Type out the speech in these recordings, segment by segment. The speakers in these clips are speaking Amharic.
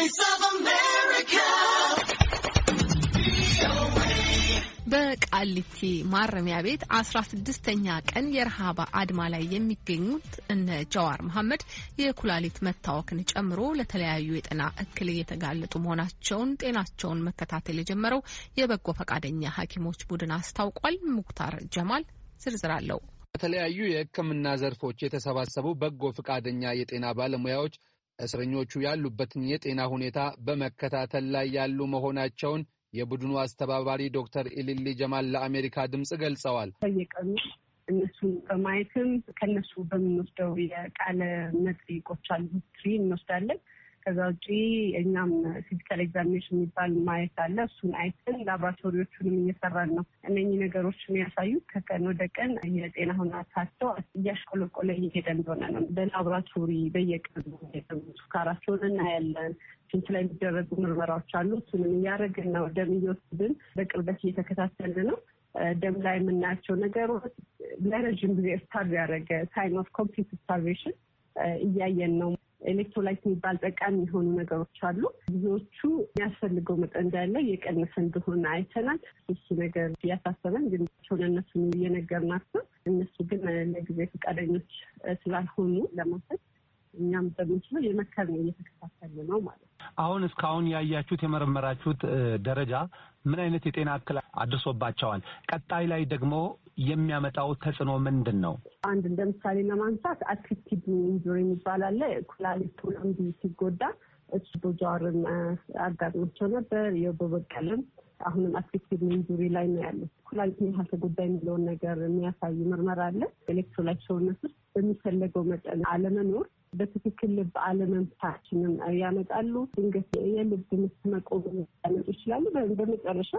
Voice of America. በቃሊቲ ማረሚያ ቤት አስራ ስድስተኛ ቀን የረሃብ አድማ ላይ የሚገኙት እነ ጀዋር መሐመድ የኩላሊት መታወክን ጨምሮ ለተለያዩ የጤና እክል እየተጋለጡ መሆናቸውን ጤናቸውን መከታተል የጀመረው የበጎ ፈቃደኛ ሐኪሞች ቡድን አስታውቋል። ሙክታር ጀማል ዝርዝር አለው። በተለያዩ የሕክምና ዘርፎች የተሰባሰቡ በጎ ፈቃደኛ የጤና ባለሙያዎች እስረኞቹ ያሉበትን የጤና ሁኔታ በመከታተል ላይ ያሉ መሆናቸውን የቡድኑ አስተባባሪ ዶክተር ኢሊሊ ጀማል ለአሜሪካ ድምፅ ገልጸዋል። በየቀኑ እነሱን በማየትም ከነሱ በምንወስደው የቃለ መጠይቆች አሉ ትሪ እንወስዳለን። ከዛ ውጪ እኛም ፊዚካል ኤግዛሚኔሽን የሚባል ማየት አለ። እሱን አይተን ላብራቶሪዎቹንም እየሰራን ነው። እነኚህ ነገሮች የሚያሳዩት ከቀን ወደ ቀን የጤና ሁኔታቸው እያሽቆለቆለ እየሄደ እንደሆነ ነው። በላብራቶሪ በየቀኑ ስኳራቸውን እናያለን። ስንት ላይ የሚደረጉ ምርመራዎች አሉ። እሱንም እያደረግን ነው። ደም እየወስድን በቅርበት እየተከታተልን ነው። ደም ላይ የምናያቸው ነገሮች ለረዥም ጊዜ ስታር ያደረገ ታይም ኦፍ ኮምፕሊት ስታርቬሽን እያየን ነው። ኤሌክትሮላይት የሚባል ጠቃሚ የሆኑ ነገሮች አሉ። ብዙዎቹ የሚያስፈልገው መጠን እንዳለ እየቀነሰ እንደሆነ አይተናል። እሱ ነገር እያሳሰበን ግን ሆነ እነሱ እየነገርናቸው እነሱ ግን ለጊዜ ፈቃደኞች ስላልሆኑ ለማሰብ እኛም በምንችለው የመከር ነው እየተከታተል ነው ማለት አሁን እስካሁን ያያችሁት የመረመራችሁት ደረጃ ምን አይነት የጤና እክል አድርሶባቸዋል? ቀጣይ ላይ ደግሞ የሚያመጣው ተጽዕኖ ምንድን ነው? አንድ እንደምሳሌ ለማንሳት አክቲቭ ኢንጁሪ የሚባል አለ። ኩላሊት ሲጎዳ እሱ ጃዋርን አጋጥሟቸው ነበር። የበበቀለም አሁንም አፌክቲቭ ኢንጁሪ ላይ ነው ያሉት። ኩላሊት ምን ያህል ተጎዳይ የሚለውን ነገር የሚያሳይ ምርመራ አለ። ኤሌክትሮላይት ሰውነት ውስጥ በሚፈለገው መጠን አለመኖር በትክክል ልብ አለመምታችንም ያመጣሉ። ድንገት የልብ ምት መቆም ያመጡ ይችላሉ። በመጨረሻ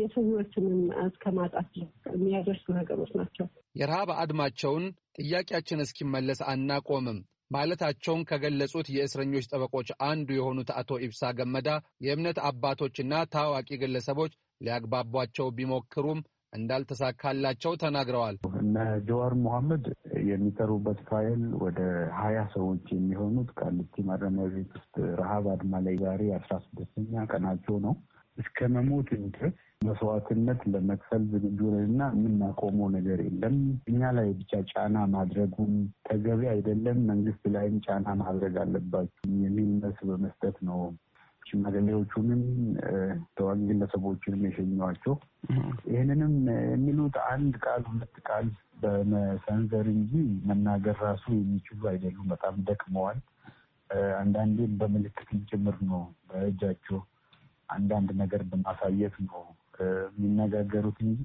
የሰው ህይወትንም እስከ ማጣት የሚያደርሱ ነገሮች ናቸው። የረሃብ አድማቸውን ጥያቄያችን እስኪመለስ አናቆምም ማለታቸውን ከገለጹት የእስረኞች ጠበቆች አንዱ የሆኑት አቶ ኢብሳ ገመዳ የእምነት አባቶችና ታዋቂ ግለሰቦች ሊያግባቧቸው ቢሞክሩም እንዳልተሳካላቸው ተናግረዋል። እነ ጀዋር መሐመድ የሚሰሩበት ፋይል ወደ ሀያ ሰዎች የሚሆኑት ቃሊቲ ማረሚያ ቤት ውስጥ ረሃብ አድማ ላይ ዛሬ አስራ ስድስተኛ ቀናቸው ነው። እስከ መሞት ድረስ መስዋዕትነት ለመክፈል ዝግጁ እና የምናቆመው ነገር የለም። እኛ ላይ ብቻ ጫና ማድረጉም ተገቢ አይደለም፣ መንግስት ላይም ጫና ማድረግ አለባችሁ የሚል መልስ በመስጠት ነው ሽማግሌዎቹንም ተዋጊ ግለሰቦችንም የሸኘዋቸው። ይህንንም የሚሉት አንድ ቃል ሁለት ቃል በመሰንዘር እንጂ መናገር ራሱ የሚችሉ አይደሉም። በጣም ደክመዋል። አንዳንዴም በምልክት ጭምር ነው በእጃቸው አንዳንድ ነገር በማሳየት ነው የሚነጋገሩት እንጂ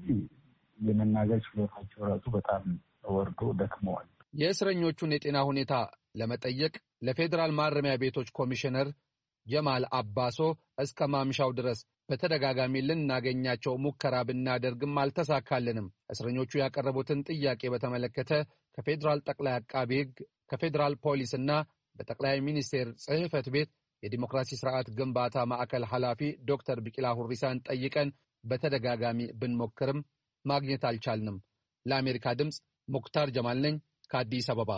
የመናገር ችሎታቸው ራሱ በጣም ወርዶ ደክመዋል። የእስረኞቹን የጤና ሁኔታ ለመጠየቅ ለፌዴራል ማረሚያ ቤቶች ኮሚሽነር ጀማል አባሶ እስከ ማምሻው ድረስ በተደጋጋሚ ልናገኛቸው ሙከራ ብናደርግም አልተሳካልንም። እስረኞቹ ያቀረቡትን ጥያቄ በተመለከተ ከፌዴራል ጠቅላይ አቃቢ ሕግ ከፌዴራል ፖሊስና በጠቅላይ ሚኒስቴር ጽሕፈት ቤት የዲሞክራሲ ስርዓት ግንባታ ማዕከል ኃላፊ ዶክተር ቢቂላ ሁሪሳን ጠይቀን በተደጋጋሚ ብንሞክርም ማግኘት አልቻልንም። ለአሜሪካ ድምፅ ሙክታር ጀማል ነኝ ከአዲስ አበባ